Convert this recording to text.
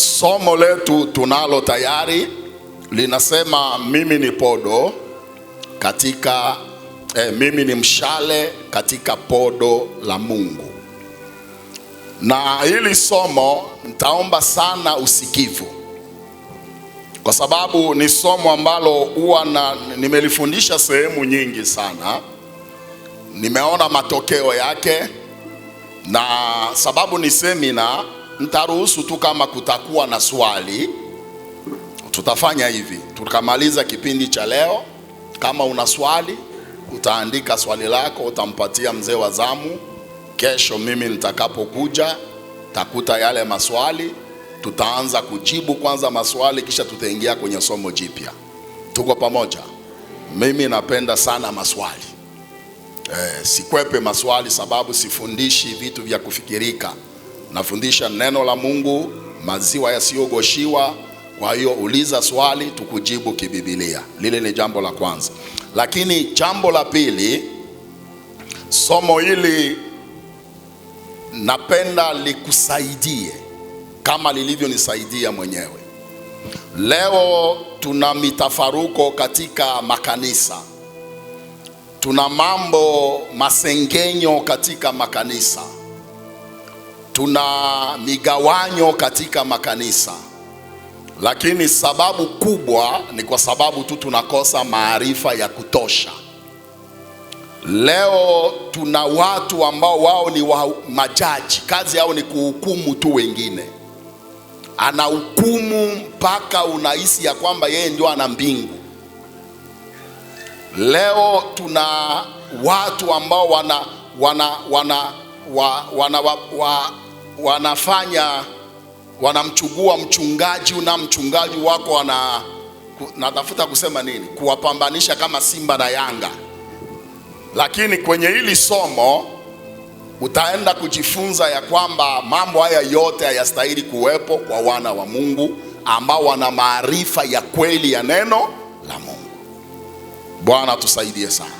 Somo letu tunalo tayari linasema mimi ni podo katika eh, mimi ni mshale katika podo la Mungu. Na hili somo nitaomba sana usikivu, kwa sababu ni somo ambalo huwa na nimelifundisha sehemu nyingi sana, nimeona matokeo yake, na sababu ni semina nitaruhusu tu kama kutakuwa na swali, tutafanya hivi, tukamaliza kipindi cha leo. Kama una swali, utaandika swali lako, utampatia mzee wa zamu. Kesho mimi nitakapokuja, takuta yale maswali, tutaanza kujibu kwanza maswali, kisha tutaingia kwenye somo jipya. Tuko pamoja? Mimi napenda sana maswali. Eh, sikwepe maswali sababu sifundishi vitu vya kufikirika nafundisha neno la Mungu, maziwa yasiyogoshiwa. Kwa hiyo uliza swali tukujibu kibibilia. Lile ni jambo la kwanza, lakini jambo la pili, somo hili napenda likusaidie kama lilivyonisaidia mwenyewe. Leo tuna mitafaruko katika makanisa, tuna mambo masengenyo katika makanisa tuna migawanyo katika makanisa, lakini sababu kubwa ni kwa sababu tu tunakosa maarifa ya kutosha. Leo tuna watu ambao wao ni wa majaji, kazi yao ni kuhukumu tu wengine. Anahukumu mpaka unahisi ya kwamba yeye ndio ana mbingu. Leo tuna watu ambao wana wana wana wa, wana, wa, wa, wanafanya wanamchugua mchungaji na mchungaji wako wana natafuta kusema nini, kuwapambanisha kama Simba na Yanga. Lakini kwenye hili somo utaenda kujifunza ya kwamba mambo haya yote hayastahili kuwepo kwa wana wa Mungu ambao wana maarifa ya kweli ya neno la Mungu. Bwana tusaidie sana.